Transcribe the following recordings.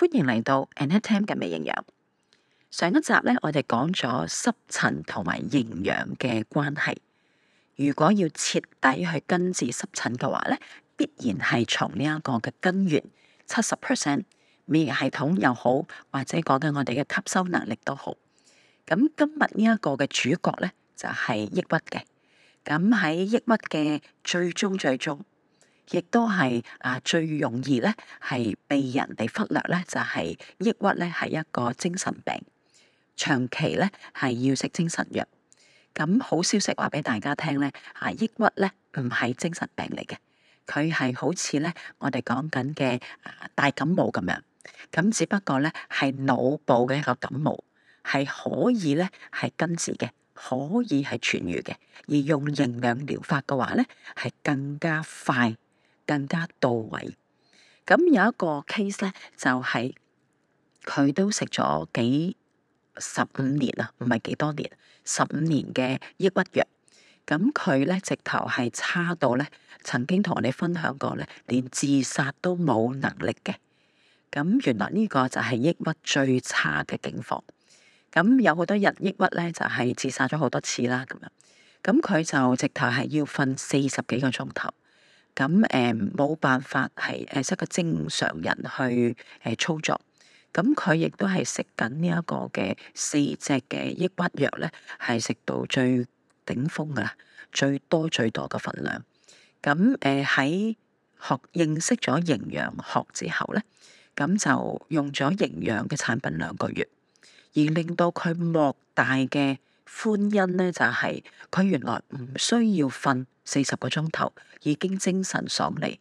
歡迎嚟到 Annette Tam 嘅微營養。上一集咧，我哋講咗濕疹同埋營養嘅關係。如果要徹底去根治濕疹嘅話咧，必然係從呢一個嘅根源。七十 percent 免疫系統又好，或者講緊我哋嘅吸收能力都好。咁今日呢一個嘅主角咧，就係、是、抑鬱嘅。咁喺抑鬱嘅最終最終。亦都係啊，最容易咧係被人哋忽略咧，就係抑鬱咧係一個精神病，長期咧係要食精神藥。咁好消息話俾大家聽咧，啊抑鬱咧唔係精神病嚟嘅，佢係好似咧我哋講緊嘅大感冒咁樣，咁只不過咧係腦部嘅一個感冒，係可以咧係根治嘅，可以係痊癒嘅，而用營養療法嘅話咧係更加快。更加到位。咁有一個 case 咧，就係佢都食咗幾十五年啊，唔係幾多年，十五年嘅抑鬱藥。咁佢咧直頭係差到咧，曾經同我哋分享過咧，連自殺都冇能力嘅。咁原來呢個就係抑鬱最差嘅境況。咁有好多人抑鬱咧，就係自殺咗好多次啦。咁樣，咁佢就直頭係要瞓四十幾個鐘頭。咁誒冇辦法係誒一個正常人去誒操作，咁佢亦都係食緊呢一個嘅四隻嘅抑鬱藥咧，係食到最頂峰㗎喇，最多最多嘅份量。咁誒喺學認識咗營養學之後咧，咁、嗯、就用咗營養嘅產品兩個月，而令到佢莫大嘅歡欣咧，就係、是、佢原來唔需要瞓四十個鐘頭已經精神爽利，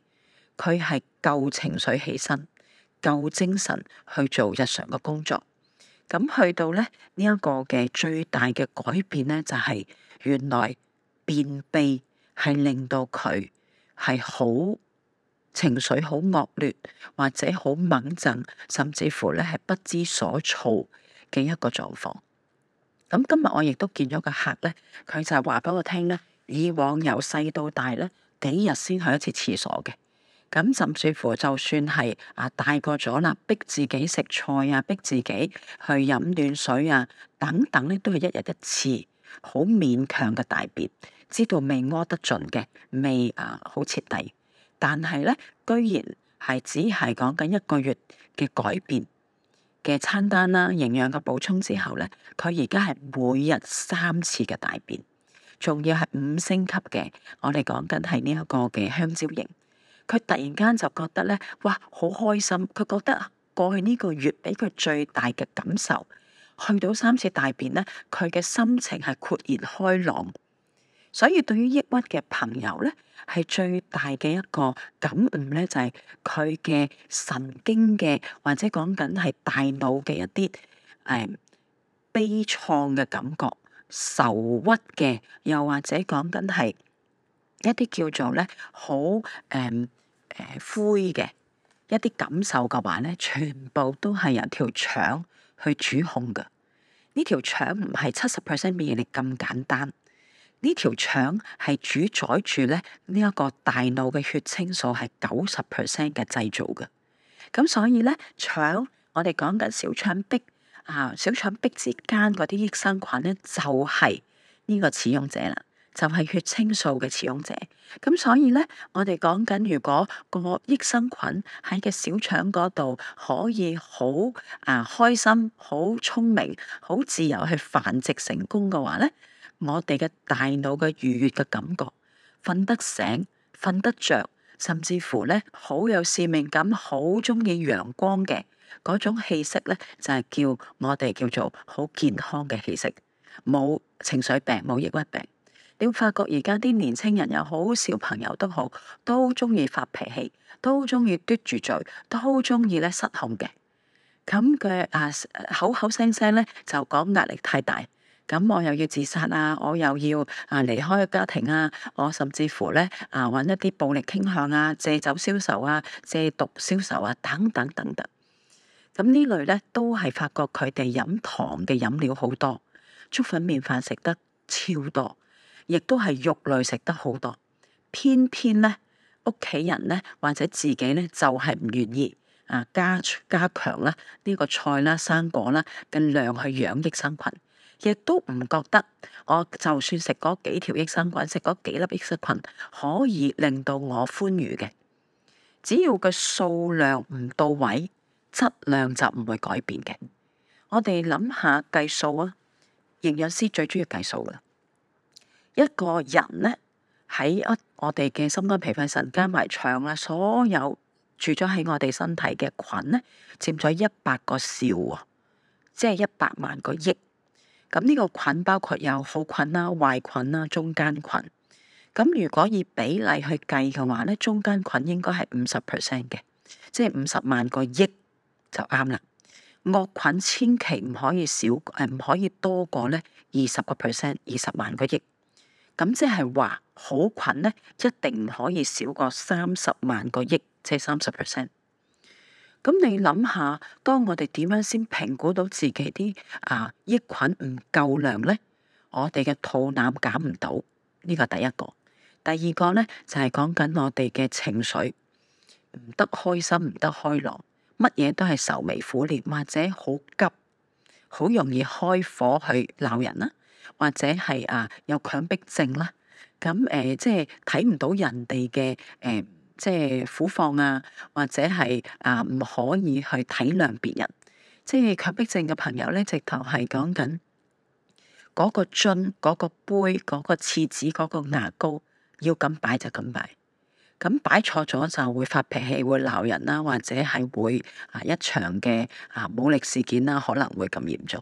佢係夠情緒起身，夠精神去做日常嘅工作。咁去到咧呢一個嘅最大嘅改變咧，就係原來便秘係令到佢係好情緒好惡劣，或者好猛震，甚至乎咧係不知所措嘅一個狀況。咁今日我亦都見咗個客咧，佢就係話俾我聽咧。以往由細到大咧，幾日先去一次廁所嘅，咁甚至乎就算係啊大個咗啦，逼自己食菜啊，逼自己去飲暖水啊，等等咧，都係一日一次，好勉強嘅大便，知道未屙得盡嘅，未啊好徹底，但係咧，居然係只係講緊一個月嘅改變嘅餐單啦，營養嘅補充之後咧，佢而家係每日三次嘅大便。仲要係五星級嘅，我哋講緊係呢一個嘅香蕉型。佢突然間就覺得咧，哇，好開心！佢覺得過去呢個月俾佢最大嘅感受，去到三次大便咧，佢嘅心情係豁然開朗。所以對於抑鬱嘅朋友咧，係最大嘅一個感悟咧，就係佢嘅神經嘅，或者講緊係大腦嘅一啲誒、嗯、悲愴嘅感覺。愁鬱嘅，又或者講緊係一啲叫做咧好誒誒、呃呃、灰嘅一啲感受嘅話咧，全部都係由條腸去主控嘅。呢條腸唔係七十 percent 免疫力咁簡單，呢條腸係主宰住咧呢一個大腦嘅血清素係九十 percent 嘅製造嘅。咁所以咧，腸，我哋講緊小腸壁。啊、哦，小腸壁之間嗰啲益生菌咧，就係、是、呢個始用者啦，就係、是、血清素嘅使用者。咁所以咧，我哋講緊，如果個益生菌喺嘅小腸嗰度可以好啊開心、好聰明、好自由去繁殖成功嘅話咧，我哋嘅大腦嘅愉悅嘅感覺，瞓得醒、瞓得着，甚至乎咧好有使命感、好中意陽光嘅。嗰種氣息咧，就係叫我哋叫做好健康嘅氣息，冇情緒病，冇抑鬱病。你會發覺而家啲年青人又好，小朋友都好，都中意發脾氣，都中意嘟住嘴，都中意咧失控嘅。咁佢啊口口聲聲咧就講壓力太大，咁我又要自殺啊，我又要啊離開家庭啊，我甚至乎咧啊揾一啲暴力傾向啊，借酒消愁啊，借毒消愁啊，等等等等。咁呢類咧都係發覺佢哋飲糖嘅飲料好多，粥粉麵飯食得超多，亦都係肉類食得好多。偏偏咧屋企人咧或者自己咧就係、是、唔願意啊加加強咧呢、這個菜啦、生果啦，嘅量去養益生菌，亦都唔覺得我就算食嗰幾條益生菌、食嗰幾粒益生菌可以令到我歡愉嘅，只要嘅數量唔到位質量就唔會改變嘅。我哋諗下計數啊，營養師最中意計數啦。一個人呢，喺啊我哋嘅心肝脾肺腎加埋腸啊，所有住咗喺我哋身體嘅菌呢，佔咗一百個兆啊，即係一百萬個億。咁呢個菌包括有好菌啦、壞菌啦、中間菌。咁如果以比例去計嘅話呢，中間菌應該係五十 percent 嘅，即係五十萬個億。就啱啦！惡菌千祈唔可以少，誒唔可以多過咧二十個 percent，二十萬個億。咁即係話好菌咧，一定唔可以少過三十萬個億，即係三十 percent。咁、嗯、你諗下，當我哋點樣先評估到自己啲啊益菌唔夠量咧？我哋嘅肚腩減唔到，呢、這個第一個。第二個咧就係講緊我哋嘅情緒唔得開心，唔得開朗。乜嘢都係愁眉苦臉，或者好急，好容易開火去鬧人啦，或者係啊有強迫症啦，咁誒即係睇唔到人哋嘅誒即係苦況啊，或者係啊唔可以去體諒別人，即係強迫症嘅朋友咧，直頭係講緊嗰個樽、嗰個杯、嗰個廁紙、嗰個牙膏，要咁擺就咁擺。咁擺錯咗就會發脾氣，會鬧人啦，或者係會啊一場嘅啊武力事件啦，可能會咁嚴重。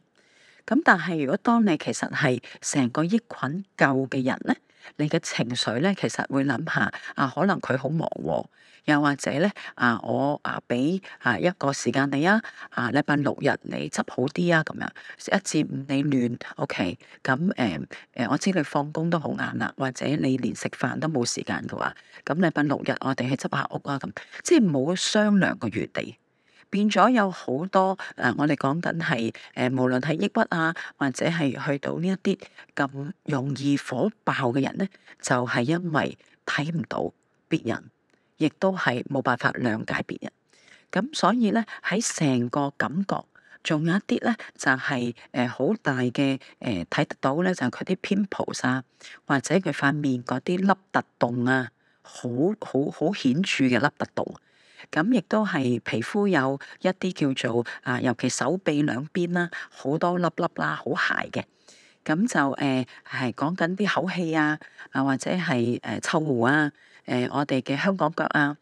咁但係如果當你其實係成個益菌夠嘅人咧？你嘅情緒咧，其實會諗下啊，可能佢好忙喎、啊，又或者咧啊，我啊俾啊一個時間你啊，啊禮拜六日你執好啲啊，咁樣一至五你亂，OK，咁誒誒，我知你放工都好晏啦，或者你連食飯都冇時間嘅話，咁禮拜六日我哋去執下屋啊，咁即係冇商量嘅餘地。變咗有好多誒、呃，我哋講緊係誒，無論係抑鬱啊，或者係去到呢一啲咁容易火爆嘅人咧，就係、是、因為睇唔到別人，亦都係冇辦法諒解別人。咁所以咧，喺成個感覺，仲有一啲咧就係誒好大嘅誒睇得到咧，就係佢啲 pimples 啊，或者佢塊面嗰啲凹凸洞啊，好好好顯著嘅凹凸洞。咁亦都係皮膚有一啲叫做啊，尤其手臂兩邊啦，好多粒粒啦，好嚡嘅。咁就誒係講緊啲口氣啊，啊或者係誒臭狐啊，誒、呃、我哋嘅香港腳啊，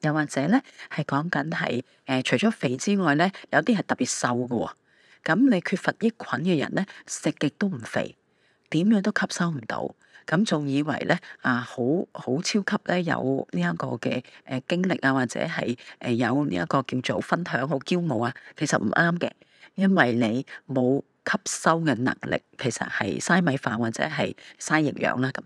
又或者咧係講緊係誒除咗肥之外咧，有啲係特別瘦㗎。咁你缺乏益菌嘅人咧，食極都唔肥。點樣都吸收唔到，咁仲以為咧啊好好超級咧有呢一個嘅誒經歷啊，或者係誒有呢一個叫做分享好驕傲啊，其實唔啱嘅，因為你冇吸收嘅能力，其實係嘥米飯或者係嘥營養啦咁。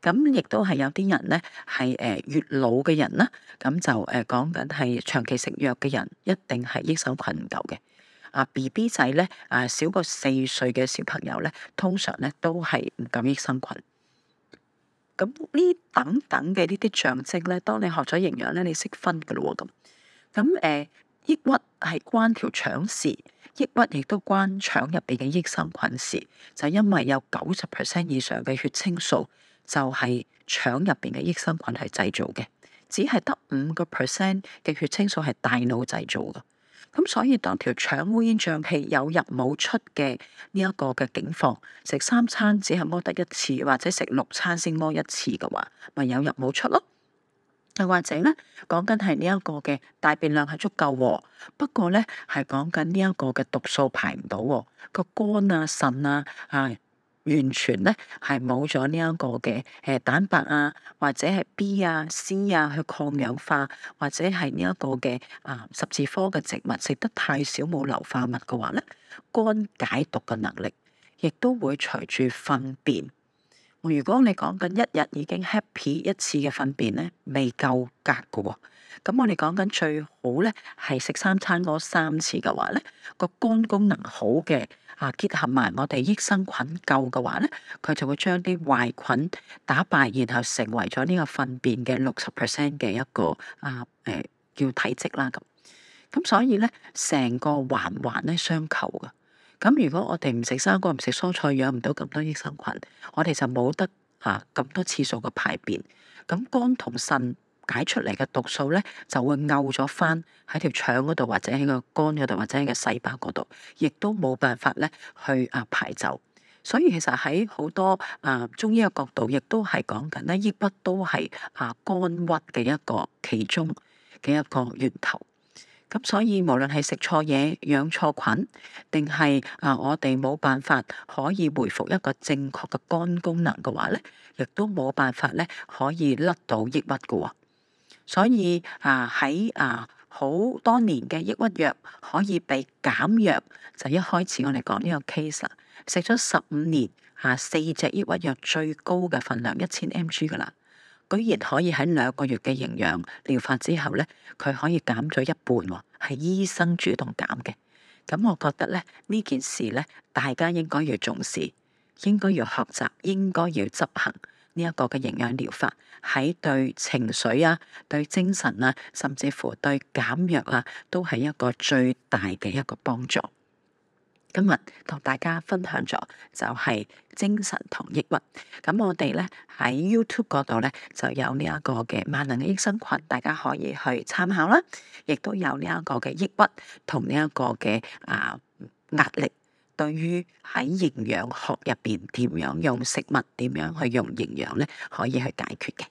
咁亦都係有啲人咧係誒越老嘅人啦、啊，咁就誒講緊係長期食藥嘅人，一定係益生菌唔夠嘅。啊，B B 仔咧，啊小過四歲嘅小朋友咧，通常咧都係唔夠益生菌。咁呢等等嘅呢啲象徵咧，當你學咗營養咧，你識分噶啦喎咁。咁誒、呃，抑鬱係關條腸事，抑鬱亦都關腸入邊嘅益生菌事。就因為有九十 percent 以上嘅血清素就係腸入邊嘅益生菌係製造嘅，只係得五個 percent 嘅血清素係大腦製造噶。咁所以當條腸烏煙瘴氣有入冇出嘅呢一個嘅境況，食三餐只係摸得一次，或者食六餐先摸一次嘅話，咪有入冇出咯。又或者咧，講緊係呢一個嘅大便量係足夠、哦，不過咧係講緊呢一個嘅毒素排唔到、哦，個肝啊、腎啊啊。哎完全咧係冇咗呢一個嘅誒蛋白啊，或者係 B 啊、C 啊去抗氧化，或者係呢一個嘅啊十字科嘅植物食得太少，冇硫化物嘅話咧，肝解毒嘅能力亦都會隨住糞便。如果你講緊一日已經 happy 一次嘅糞便咧，未夠格嘅、哦。咁我哋講緊最好咧，係食三餐嗰三次嘅話咧，個肝功能好嘅啊，結合埋我哋益生菌夠嘅話咧，佢就會將啲壞菌打敗，然後成為咗呢個糞便嘅六十 percent 嘅一個啊誒、呃、叫體積啦咁。咁所以咧，成個環環咧相扣嘅。咁如果我哋唔食生果唔食蔬菜，養唔到咁多益生菌，我哋就冇得吓咁多次數嘅排便，咁肝同腎解出嚟嘅毒素咧，就會漚咗翻喺條腸嗰度，或者喺個肝嗰度，或者喺個細胞嗰度，亦都冇辦法咧去啊排走。所以其實喺好多啊、呃、中醫嘅角度亦都係講緊咧，抑鬱都係啊肝鬱嘅一個其中嘅一個源頭。咁所以無論係食錯嘢，養錯菌，定係啊我哋冇辦法可以回復一個正確嘅肝功能嘅話咧，亦都冇辦法咧可以甩到抑鬱嘅喎。所以啊喺啊好多年嘅抑鬱藥可以被減藥，就一開始我哋講呢個 case 啦，食咗十五年啊，四，呃、隻抑鬱藥最高嘅份量，一千 mg 噶啦。居然可以喺兩個月嘅營養療法之後呢，佢可以減咗一半，係醫生主動減嘅。咁我覺得咧呢件事呢，大家應該要重視，應該要學習，應該要執行呢一個嘅營養療法，喺對情緒啊、對精神啊，甚至乎對減藥啊，都係一個最大嘅一個幫助。今日同大家分享咗就係精神同抑鬱，咁我哋咧喺 YouTube 度咧就有呢一個嘅萬能嘅益生菌，大家可以去參考啦，亦都有呢一個嘅抑鬱同呢一個嘅啊壓力，對於喺營養學入邊點樣用食物，點樣去用營養咧，可以去解決嘅。